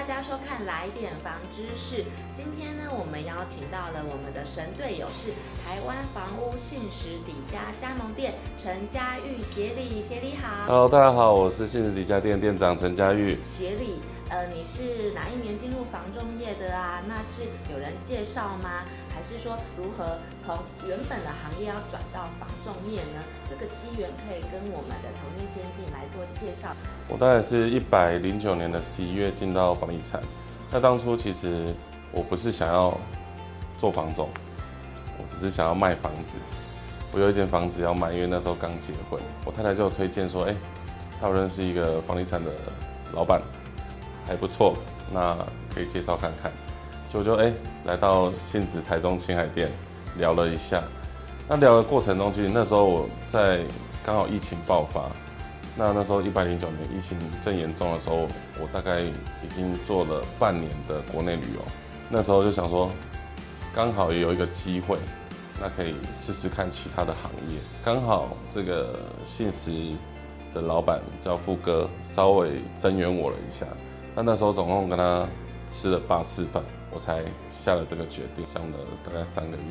大家收看《來點房知識》，今天呢，我們邀請到了我們的神隊友是台灣房屋信實邸家加盟店陳家育協理，協理好。Hello，大家好，我是信實邸家店店長陳家育協理。呃，你是哪一年進入房仲業的啊？那是有人介紹嗎？還是說如何從原本的行業要轉到房仲業呢？這個機緣可以跟我們的同業先進來做介紹。我大概是一百零九年的十一月進到房地產。那當初其實我不是想要做房仲，我只是想要賣房子。我有一間房子要賣，因為那時候剛結婚，我太太就有推薦說：“哎，她有認識一個房地產的老板。”還不錯，那可以介紹看看。就我就哎、欸，來到信實台中青海店聊了一下。那聊的過程中，其實那時候我在剛好疫情爆發，那那時候一百零九年疫情正嚴重的時候，我大概已經做了半年的國內旅遊。那時候就想說，剛好也有一個機會，那可以試試看其他的行業。剛好這個信實的老板叫富哥，稍微增援我了一下。那但那時候總共跟他吃了八次飯，我才下了這個決定，想了大概三個月，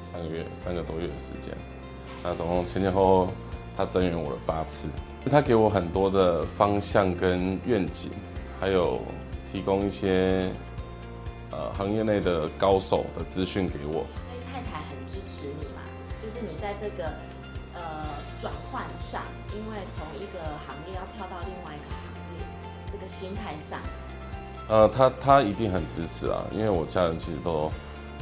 三個月三個多月的時間。那總共前前後後他增援我了八次，他給我很多的方向跟願景，還有提供一些呃行業內的高手的資訊給我。因為太太很支持你嘛，就是你在這個呃轉換上，因為從一個行業要跳到另外一個行業，這個心態上，呃，他他一定很支持啊，因為我家人其實都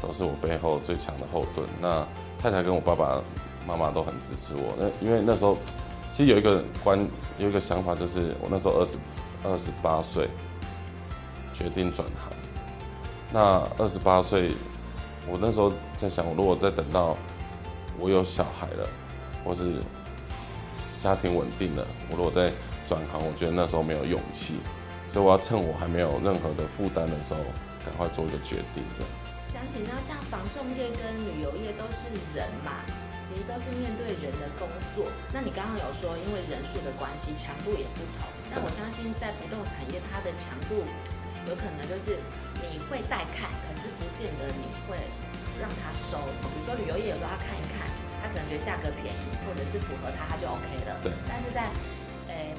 都是我背後最強的後盾。那太太跟我爸爸媽媽都很支持我。那因為那時候其實有一個觀，有一個想法，就是我那時候二十二十八歲決定轉行。那二十八歲，我那時候在想，我如果再等到我有小孩了，或是家庭穩定了，我如果再轉行，我覺得那時候沒有勇氣，所以我要趁我還沒有任何的負擔的時候，趕快做一個決定。這樣，想請教，像房仲業跟旅遊業都是人嘛,其實都是面對人的工作。那你剛剛有說，因為人數的關係，強度也不同。但我相信，在不動產業，它的強度有可能就是你會帶看，可是不見得你會讓他收。比如說旅遊業，有時候他看一看，他可能覺得價格便宜或者是符合他，他就 OK 了。對。但是在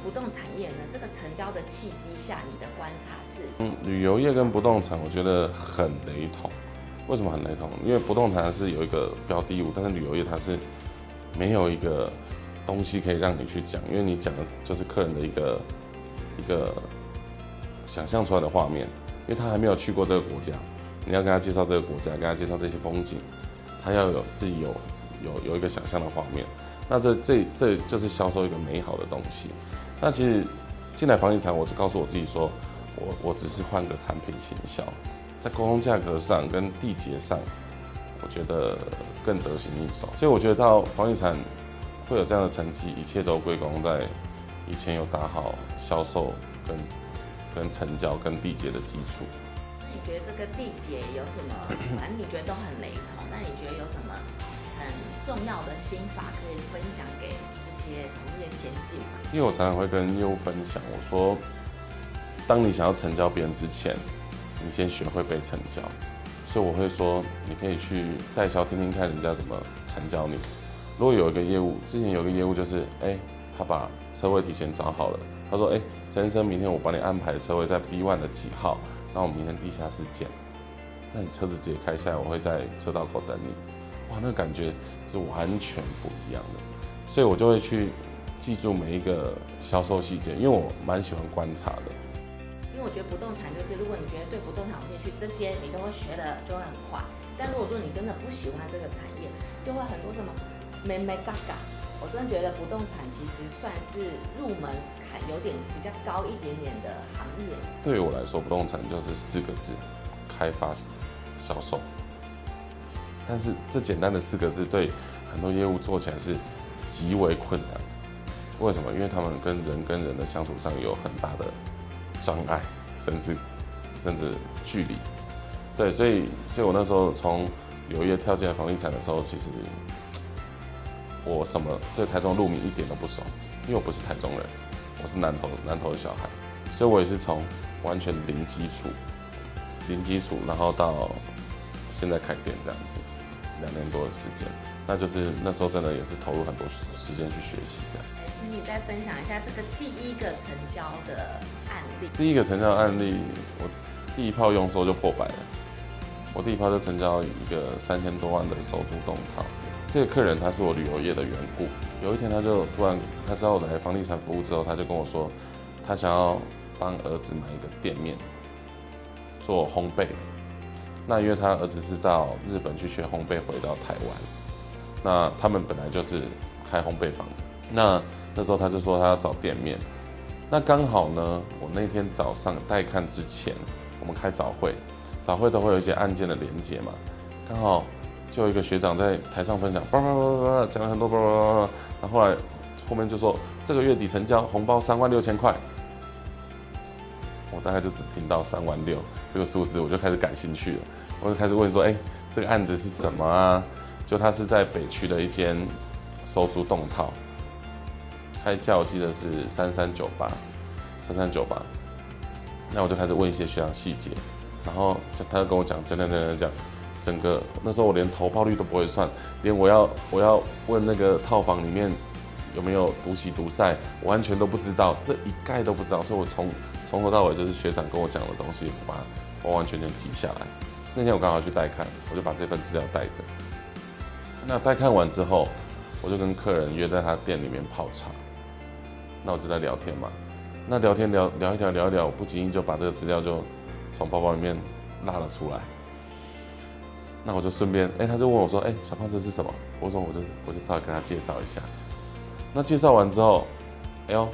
不動產業呢，這個成交的契機下，你的觀察是？嗯，旅遊業跟不動產我覺得很雷同。為什麼很雷同？因為不動產是有一個標的物，但是旅遊業它是沒有一個東西可以讓你去講，因為你講的就是客人的一個一個想象出來的畫面，因為他還沒有去過這個國家，你要跟他介紹這個國家，跟他介紹這些風景，他要有自己有有有一個想象的畫面。那這這這就是銷售一個美好的東西。那其實進來房地產，我就告訴我自己說，我我只是換個產品行銷，在溝通價格上跟締結上，我覺得更得心應手。所以我覺得到房地產會有這樣的成績，一切都歸功在以前有打好銷售跟跟成交跟締結的基礎。那你覺得這個締結有什麼？反正你覺得都很雷同，那咳咳你覺得有什麼很重要的心法可以分享給？同業先進嘛，因為我常常會跟業務分享，我說，當你想要成交別人之前，你先學會被成交，所以我會說，你可以去代銷聽聽看人家怎麼成交你。如果有一個業務，之前有個業務就是，哎，他把車位提前找好了，他說，哎，陳先生，明天我幫你安排車位在 B1 的幾號，那我們明天地下室見，那你車子直接開下來，我會在車道口等你，哇，那個感覺是完全不一樣的。所以我就會去記住每一個銷售細節，因為我蠻喜歡觀察的。因為我覺得不動產就是，如果你覺得對不動產有興趣，這些你都會學的，就會很快。但如果說你真的不喜歡這個產業，就會很多什麼咩咩嘎嘎。我真的覺得不動產其實算是入門檻有點比較高一點點的行業。對於我來說，不動產就是四個字：開發、銷售。但是這簡單的四個字對很多業務做起來是。極為困難，為什麼？因為他們跟人跟人的相處上有很大的障礙，甚至甚至距離對，所以所以，我那時候從旅遊業跳進來房地產的時候，其實我什麼對台中路名一點都不熟，因為我不是台中人，我是南投南投的小孩，所以我也是從完全零基礎，零基礎，然後到現在開店這樣子，兩年多的時間。那就是那時候真的也是投入很多時間去學習這樣。請你再分享一下這個第一個成交的案例。第一個成交案例，我第一炮用的時候就破百了。我第一炮就成交一個三千多萬的首租動套。這個客人他是我旅遊業的緣故。有一天他就突然他知道我來房地產服務之後，他就跟我說，他想要幫兒子買一個店面做烘焙。那因為他兒子是到日本去學烘焙，回到台灣。那他們本來就是開烘焙房，那那時候他就說他要找店面，那剛好呢，我那天早上帶看之前，我們開早會，早會都會有一些案件的連結嘛，剛好就有一個學長在台上分享，叭叭叭叭講了很多叭叭叭，那後來後面就說這個月底成交紅包三萬六千塊，我大概就只聽到三萬六這個數字，我就開始感興趣了，我就開始問說，哎，這個案子是什麼啊？就他是在北區的一間收租棟套，開價我記得是三三九八，三三九八。那我就開始問一些學長細節，然後他就跟我講講講講講，整個那時候我連投報率都不會算，連我要我要問那個套房裡面有沒有獨洗獨曬，我完全都不知道，這一概都不知道。所以我從從頭到尾就是學長跟我講的東西，我把它完完全全記下來。那天我剛好去帶看，我就把這份資料帶着。那帶看完之後，我就跟客人約在他店裡面泡茶，那我就在聊天嘛，那聊天聊聊一聊聊一聊，我不經意就把這個資料就從包包裡面拉了出來。那我就順便，哎、欸，他就問我說，哎、欸，小胖這是什麼？我說我就我就稍微跟他介紹一下。那介紹完之後，哎呦，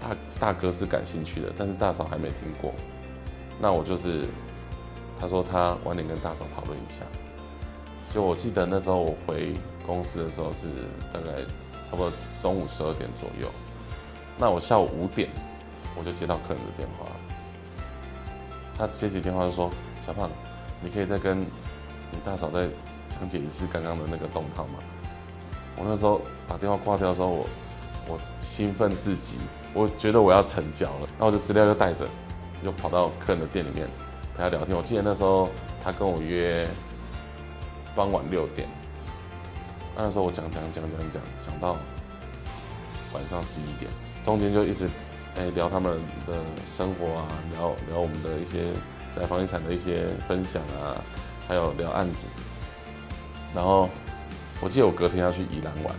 大大哥是感興趣的，但是大嫂還沒聽過。那我就是，他說他晚點跟大嫂討論一下。就我記得那時候我回公司的時候是大概差不多中午十二點左右，那我下午五點我就接到客人的電話，他接起電話就說：“小胖，你可以再跟你大嫂再講解一次剛剛的那個動態嗎？”我那時候把電話掛掉的時候，我我興奮至極，我覺得我要成交了。那我的資料就帶着，又跑到客人的店裡面陪他聊天。我記得那時候他跟我約。傍晚六點，那時候我講講講講講講到晚上十一點，中間就一直，誒、欸、聊他們的生活啊，聊聊我們的一些來房地產的一些分享啊，還有聊案子，然後我記得我隔天要去宜蘭玩，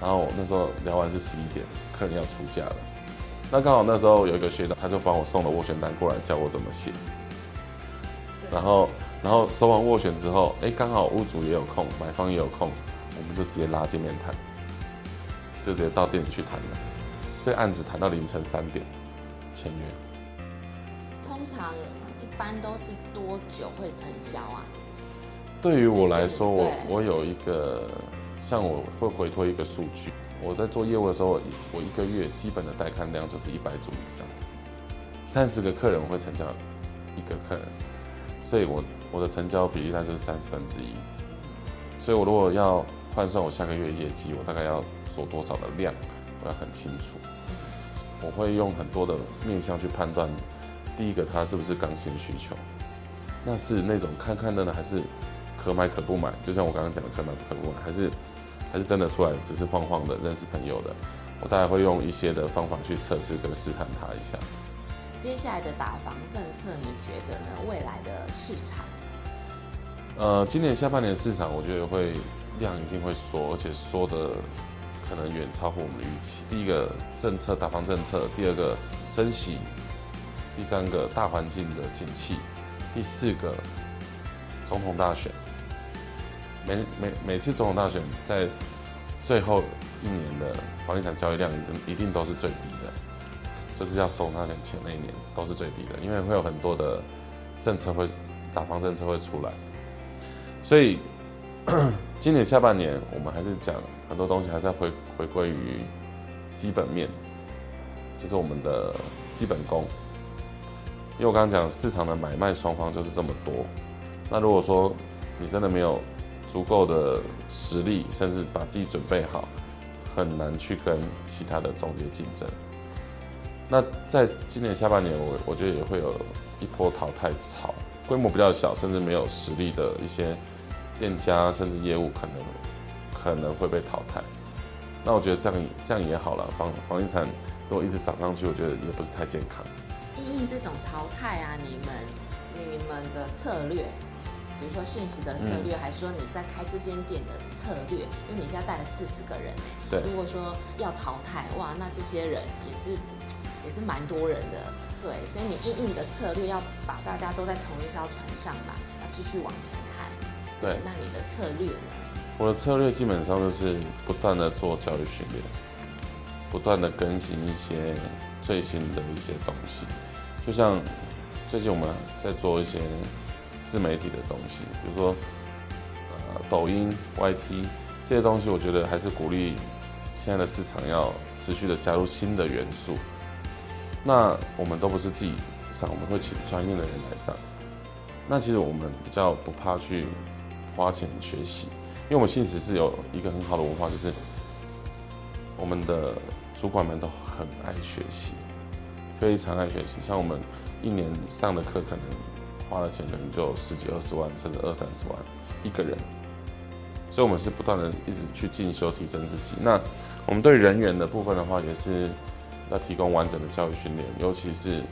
然後那時候聊完是十一點，客人要出嫁價了，那剛好那時候有一個學長，他就幫我送了斡旋單過來，教我怎麼寫，然後。然後收完斡旋之後，哎，剛好屋主也有空，買方也有空，我們就直接拉見面談，就直接到店裡去談了。這案子談到凌晨三點，簽約。通常一般都是多久會成交啊？對於我來說，我我有一個，像我會回推一個數據，我在做業務的時候，我一個月基本的帶看量就是一百組以上，三十個客人我會成交一個客人，所以我。我的成交比例那就是三十分之一，所以我如果要換算我下個月業績，我大概要做多少的量，我要很清楚。我會用很多的面向去判斷，第一個，它是不是剛性需求，那是那種看看的呢，還是可買可不買？就像我剛剛講的，可買可不買，還是還是真的出來，只是晃晃的，認識朋友的，我大概會用一些的方法去測試跟試探他一下。嗯。接下來的打房政策，你覺得呢？未來的市場？呃，今年下半年市場，我覺得會量一定會縮，而且縮的可能遠超乎我們的預期。第一個政策，打房政策，第二個升息，第三個大環境的景氣，第四個總統大選。每每每次總統大選在最後一年的房地產交易量一定一定都是最低的，就是要總統大選前那一年都是最低的，因為會有很多的政策會打房政策會出來。所以， 今年下半年我們還是講很多東西，還是要回回歸於基本面，就是我們的基本功。因為我剛剛講市場的買賣雙方就是這麼多，那如果說你真的沒有足夠的實力，甚至把自己準備好，很難去跟其他的中介競爭。那在今年下半年，我我覺得也會有一波淘汰潮，規模比較小，甚至沒有實力的一些。店家甚至業務可能可能會被淘汰，那我覺得這樣這樣也好了。房房地產如果一直漲上去，我覺得也不是太健康。因應這種淘汰啊，你們你們的策略，比如說信實的策略，嗯，還是說你在開這間店的策略？因為你現在帶了四十個人呢？欸，對，如果說要淘汰哇，那這些人也是也是蠻多人的，對，所以你因應的策略要把大家都在同一艘船上嘛，要繼續往前開。對，對，那你的策略呢？我的策略基本上就是不斷的做教育訓練，不斷的更新一些最新的一些東西。就像最近我們在做一些自媒體的東西，比如說呃抖音、YT 這些東西，我覺得還是鼓勵現在的市場要持續的加入新的元素。那我們都不是自己上，我們會請專業的人來上。那其實我們比較不怕去花錢學習，因為我們信實是有一個很好的文化，就是我們的主管們都很愛學習，非常愛學習。像我們一年上的課，可能花了錢，可能就十幾二十萬，甚至二三十萬一個人。所以，我們是不斷的一直去進修提升自己。那我們對人員的部分的話，也是要提供完整的教育訓練，尤其是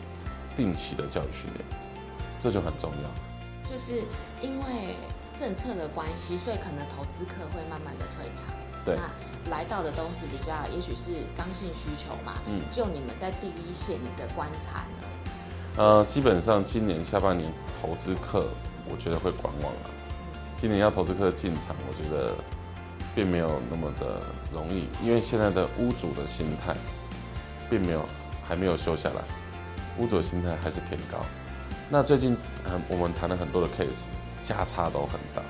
定期的教育訓練，這就很重要。就是因為。政策的關係，所以可能投資客會慢慢的退場。對，那來到的都是比較，也許是剛性需求嘛。嗯。就你們在第一線，你的觀察呢？呃，基本上今年下半年投資客，我覺得會觀望了。嗯。今年要投資客進場，我覺得並沒有那麼的容易，因為現在的屋主的心態並沒有還沒有修下來，屋主的心態還是偏高。那最近很、呃、我們談了很多的 case。價差都很大，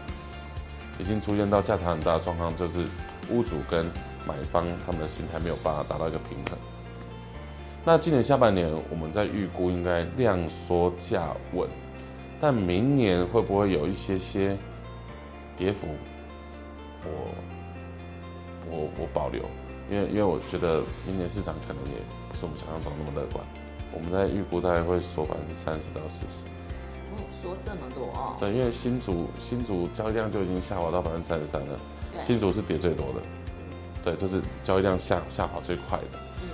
已經出現到價差很大的狀況，就是屋主跟買方他們的心態沒有辦法達到一個平衡。那今年下半年，我們在預估應該量縮價穩，但明年會不會有一些些跌幅，我我我保留，因為因為我覺得明年市場可能也不是我們想象中那麼樂觀，我們在預估大概會縮百分之三十到四十。說這麼多啊、哦，對，因為新竹新竹交易量就已經下滑到百分之三十三了，新竹是跌最多的，嗯、對，就是交易量下下滑最快的，嗯，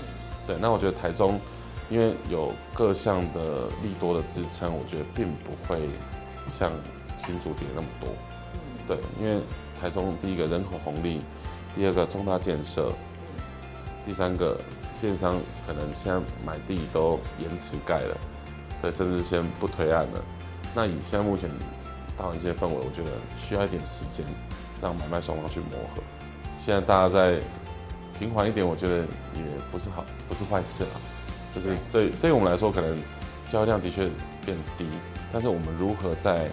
對，那我覺得台中，因為有各項的利多的支撐，我覺得並不會像新竹跌那麼多，嗯，對，因為台中第一個人口紅利，第二個重大建設，嗯，第三個建商可能現在買地都延遲蓋了，對，甚至先不推案了。那以現在目前大環境的氛圍，我覺得需要一點時間，讓買賣雙方去磨合。現在大家在平緩一點，我覺得也不是好，不是壞事了啊，就是對對我們來說，可能交易量的確變低，但是我們如何在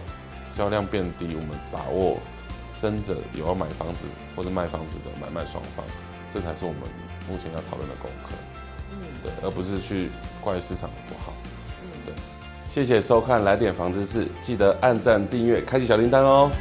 交易量變低，我們把握真的有要買房子或是賣房子的買賣雙方，這才是我們目前要討論的功課。嗯，對，而不是去怪市場的不好。嗯，對。謝謝收看《來點房知識》，記得按讚、訂閱、開啟小鈴鐺哦。